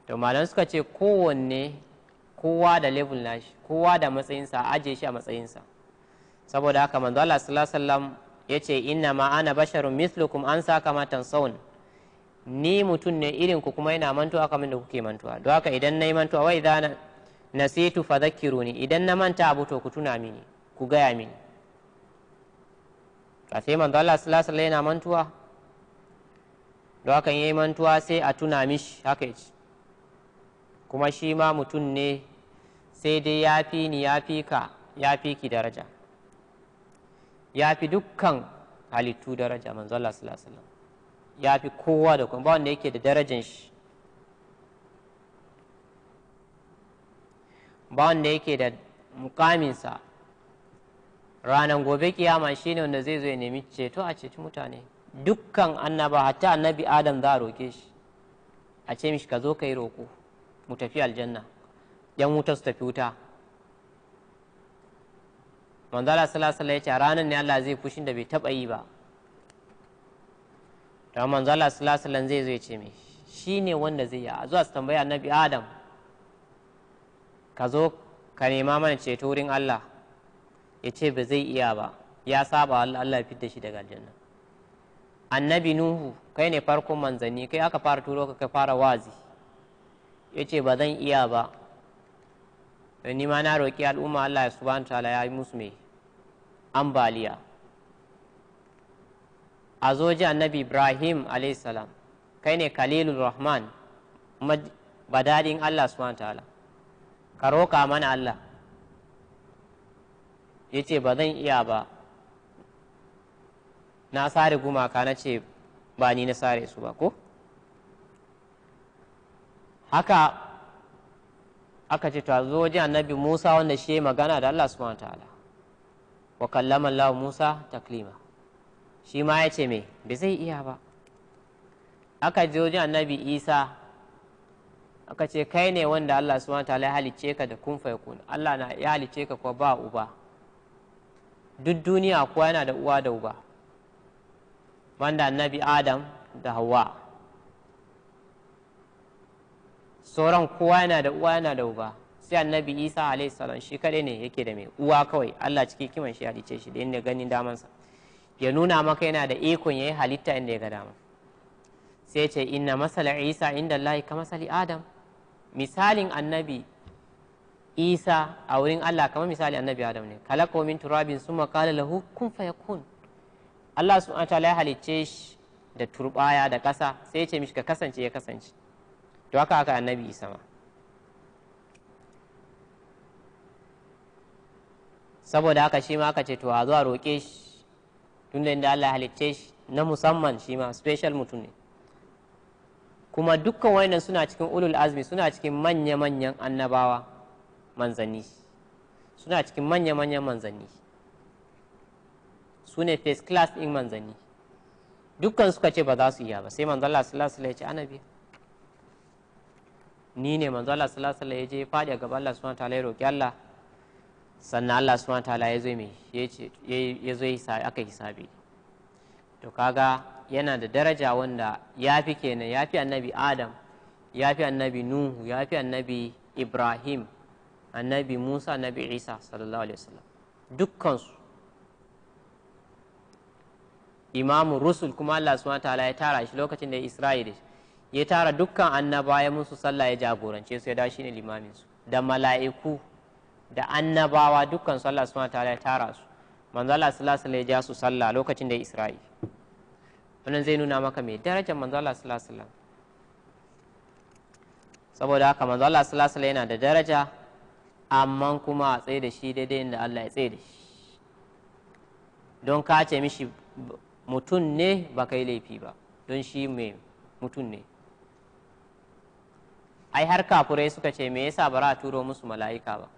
to malam suka ce kowanne kowa da level nashi kowa da matsayinsa aje shi a matsayinsa saboda haka manzo Allah sallallahu alaihi ya ce inna ma ana basharun mislukum an saka matan saun ni mutum ne irin ku kuma ina mantuwa kamar da kuke mantuwa don haka idan na yi mantuwa wai idan nasitu fa zakkiruni idan na manta abu to ku tuna mini ku gaya mini a sai manzo Allah sallallahu alaihi yana mantuwa don hakan yayi mantuwa sai a tuna mishi haka yace kuma shi ma mutum ne sai dai ya fi ni ya fi ka ya fi ki daraja ya fi dukkan halittu daraja manzo Allah sallallahu alaihi wasallam ya fi kowa da kuma ba wanda yake da darajar shi ba wanda yake da mukaminsa ranan gobe kiyama shine wanda zai zo ya nemi ceto a ceci mutane dukkan annaba hatta annabi adam za a roke shi a ce mishi ka zo ka yi roƙo mu tafi aljanna yan wuta su tafi wuta manzala salasala ya ce ranar ne Allah zai fushin da bai taɓa yi ba da manzala salasalan zai zo ya ce mai shi ne wanda zai yi a zuwa su tambaya annabi adam ka zo ka nema mana ceto wurin Allah ya ce ba zai iya ba ya saba Allah Allah fitar shi daga aljanna annabi nuhu kai ne farkon manzanni kai aka fara turo ka fara wazi ya ce ba zan iya ba ni ma na roƙi al'umma Allah ya subhanahu ta'ala ya yi musu mai ambaliya a zoji annabi ibrahim salam kai ne khalilul rahman badadin Allah subhanahu ta'ala ka roƙa mana Allah ya ce ba zan iya ba na sare gumaka na ce ba ni na sare su ba ko haka aka ce ta zo wajen annabi musa wanda shi magana da allah subhanahu ta'ala wa kallama allah musa taklima shi ma ya ce me bai zai iya ba aka je wajen annabi isa aka ce kai ne wanda allah subhanahu ta'ala ya halicce ka da kun fayakun allah na ya halicce ka kuwa ba uba duk duniya kuwa yana da uwa da uba wanda annabi adam da hawa sauran kowa yana da uwa yana da uba sai annabi isa alaihi salam shi kadai ne yake da mai uwa kawai allah cikin kiman shi halice shi da inda ganin damansa ya nuna maka yana da ikon ya yi halitta inda ya ga dama sai ce inna masala isa inda allahi ka masali adam misalin annabi isa a wurin Allah kamar misali annabi adam ne kalako min turabin summa qala lahu kun fayakun Allah subhanahu wataala ya halicce shi da turbaya da ƙasa sai ya ce mishi ka kasance ya kasance to haka haka annabi isa ma saboda haka shi ma aka ce to a zuwa roƙe shi tun da Allah ya halicce shi na musamman shi ma special mutum ne kuma dukkan wannan suna cikin ulul azmi suna cikin manya-manyan annabawa manzanni suna cikin manya-manyan manzanni su ne first class in manzanni dukkan suka ce ba za su iya ba sai manzala salasala ya ce anabi ni ne manzala salasala ya je faɗi gaba Allah subhanahu wataala ya roƙi Allah sannan Allah subhanahu wataala ya zo mai ya zo aka hisabi to kaga yana da daraja wanda ya fi kenan ya fi annabi Adam ya fi annabi Nuhu ya fi annabi Ibrahim annabi musa annabi isa sallallahu alaihi wasallam dukkansu imamu rusul kuma allah subhanahu ta'ala ya tara shi lokacin da isra'il ya tara dukkan annabawa ya musu sallah ya jagorance su ya da shi ne limamin su da mala'iku da annabawa dukkan su allah subhanahu ta'ala ya tara su manzo allah sallallahu alaihi ya ja su sallah lokacin da isra'il wannan zai nuna maka mai darajar manzo allah sallallahu alaihi saboda haka manzo allah sallallahu alaihi yana da daraja amma kuma a tsaye da shi daidai inda Allah ya tsaye da shi don ka ce mishi mutum ne ba kai laifi ba don shi mai mutum ne ai har kafurai suka ce me yasa bara a turo musu mala'ika ba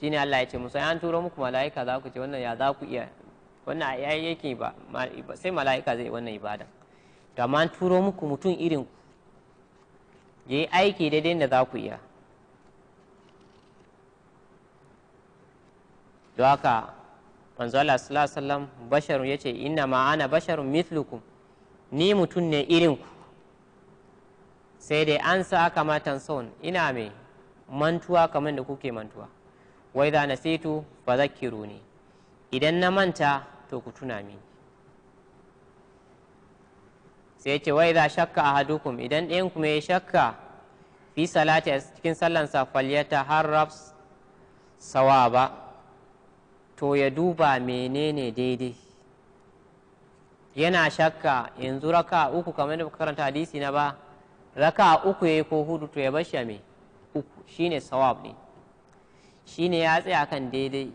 shi ne Allah ya ce musu an turo muku mala'ika za ku ce wannan ya za ku iya wannan yi yake ba sai mala'ika zai wannan ibada to amma an turo muku mutum irin ku yi aiki daidai da za ku iya don haka manzo Allah sallallahu alaihi wasallam basharu yace inna ma ana basharu mithlukum ni mutum ne irin ku sai dai an sa kamatan son ina mai mantuwa kamar da kuke mantuwa wai za nasitu fa ne idan na manta to ku tuna mini sai ce wai za shakka ahadukum idan ɗayan ku mai shakka fi salati a cikin sallansa falyata harrafs sawaba to ya duba menene daidai yana shakka yanzu raka uku kamar da karanta hadisi na ba raka uku ya ko hudu to ya bar shi uku shine sawab ne shine ya tsaya kan daidai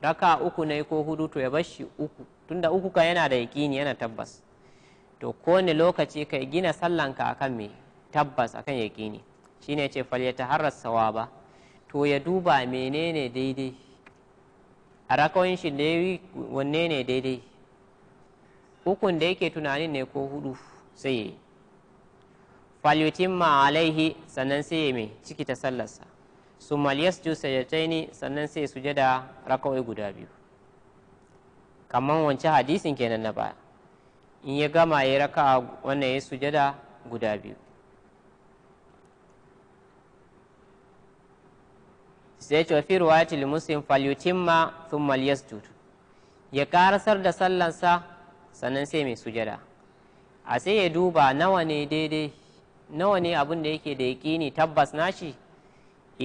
raka uku ne ko hudu to ya bar shi uku tunda uku ka yana da yaƙini yana tabbas to kowane lokaci ka gina sallanka akan me tabbas akan yaƙini shine ce falyataharras sawaba to ya duba menene daidai a rakawoyin shi ne wanne ne daidai hukun da yake tunanin ne ko hudu sai ya yi falyutin ma alaihi sannan sai ya mai ciki ta sallarsa su maliyas ju sajataini sannan sai su jada rakawai guda biyu kamar wancan hadisin kenan na baya in ya gama ya raka wannan ya sujada guda biyu sai ce fi riwayatil muslim falyutimma thumma liyasjud ya karasar da sallansa sannan sai mai sujada a sai ya duba nawa ne daidai nawa ne abin da yake da yaƙini tabbas nashi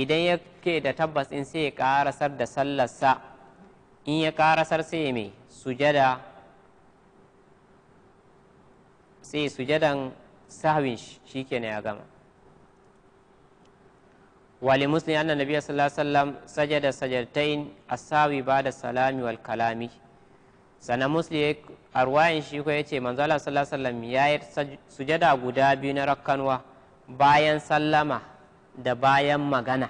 idan yake da tabbas in sai ya karasar da sallarsa in ya karasar sai mai sujada sai sujadan sahwin shi kenan ya gama ولمسلم أن النبي صلى الله عليه وسلم سجد سجدتين bada salami wal kalami sannan musli arwayin shi ko yace manzo Allah sallallahu alaihi wasallam ya yi sujada guda biyu na rakkanwa bayan sallama da bayan magana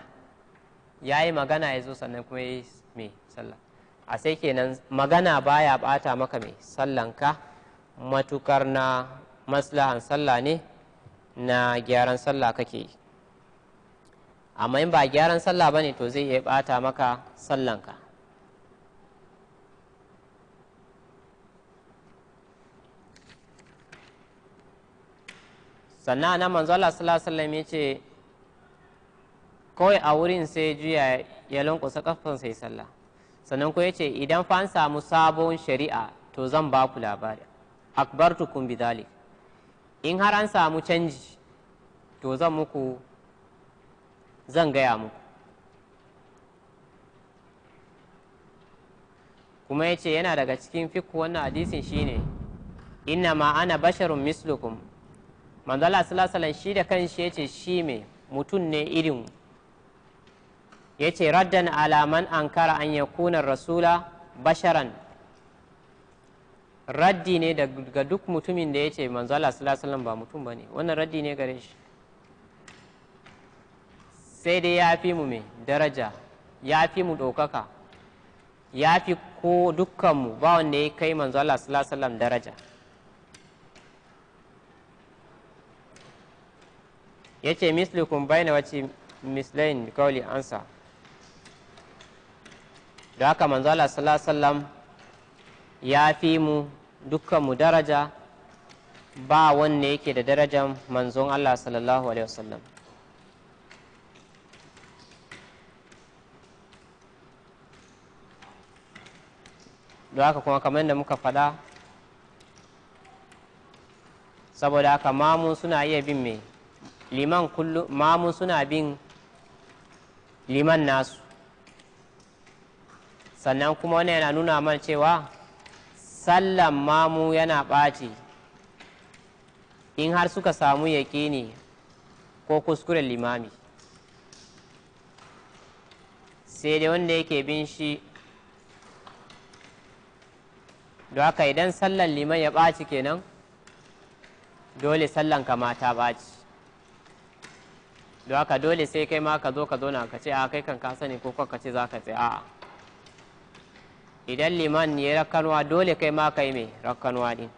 ya yi magana ya zo sannan kuma ya yi sallah a sai kenan magana baya bata maka mai sallanka matukar na maslahan sallah ne na gyaran sallah kake yi amma in ba gyaran sallah ba ne to zai iya bata maka sallanka sannan nan manzo Allah sallallahu alaihi ce kawai a wurin sai juya ya lankwasa kafin sai sallah sannan ko yace idan fa an samu sabon shari'a to zan ba ku labari akbartukum bidhalik in har an samu canji to zan muku zan gaya muku kuma ya ce yana daga cikin fiku wannan hadisin shine inna ma ana basharun mislukum manzala salasalan shi da kanshi ya ce shi mai mutum ne irin ya ce raddan alaman an kara an yakuna rasula basharan raddi ne daga duk mutumin da ya ce manzala salasalan ba mutum ba ne wannan raddi ne gare shi sai dai ya fi mu mai daraja ya fi mu ɗaukaka ya fi ko dukkanmu ba wanda ya kai manzo Allah sallallahu alaihi daraja yace mislukum baina wace mislain kauli ansa da haka manzo Allah sallallahu alaihi ya fi mu dukkanmu daraja ba wanne yake da darajan manzon Allah sallallahu alaihi wasallam don haka kuma kamar da muka faɗa saboda haka mamun suna iya bin mai liman kullu mamun suna bin liman nasu sannan kuma wani yana nuna mana cewa sallan mamu yana ɓaci in har suka samu yaƙini ko kuskuren limami sai dai wanda yake bin shi don haka idan sallan liman ya ɓaci kenan dole sallan ka ma ta ɓaci don haka dole sai kai ma ka zo ka zauna ka ce a kai kan ka sani ko ka ce za ka tsaye a'a idan liman ya rakkanwa dole kai ma kai mai rakkanwa din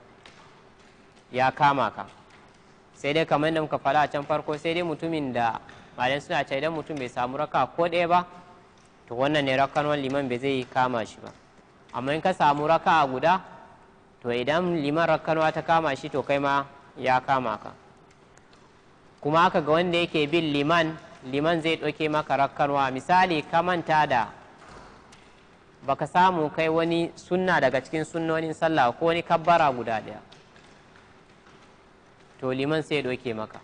ya kama ka sai dai kamar da muka fara a can farko sai dai mutumin da malam suna cewa idan mutum bai samu raka ko ɗaya ba to wannan ne rakkanwan liman bai zai kama shi ba amma in ka samu raka'a guda to idan liman rakkanwa ta kama shi to kai ma ya kama ka kuma aka ga wanda yake bin liman liman zai ɗauke maka rakkanwa misali ka manta da baka samu kai wani sunna daga cikin sunnonin sallah ko wani kabbara guda ɗaya to liman sai ɗauke maka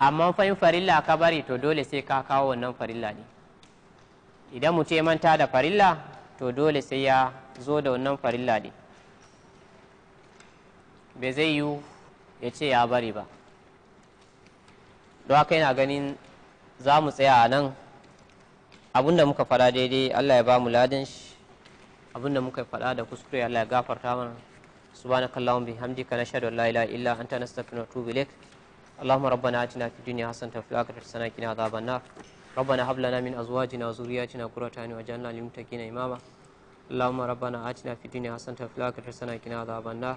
amma fahim farilla ka bari to dole sai ka kawo wannan farilla ne idan mu ce manta da farilla to dole sai ya zo da wannan farilla ne bai zai yiwu ya ce ya bari ba don yana ganin za mu tsaya a nan abinda muka fada daidai allah ya ba mu ladin shi abinda muka fada da kuskure allah ya gafarta mana subhanakallahumma bihamdika nashhadu an la ilaha illa anta nastaghfiruka wa natubu ilaik اللهم ربنا اتنا في الدنيا حسنه وفي الاخره حسنه وقنا عذاب النار ربنا هب لنا من أزواجنا وذرياتنا قرة أعين واجعلنا للمتقين إماما اللهم ربنا آتنا في الدنيا حسنة وفي الآخرة حسنة وقنا عذاب النار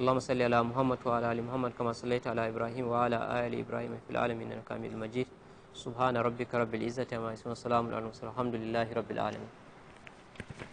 اللهم صل على محمد وعلى آل محمد كما صليت على إبراهيم وعلى آل إبراهيم في العالمين إنك حميد مجيد سبحان ربك رب العزة عما يصفون وسلام على المرسلين والحمد لله رب العالمين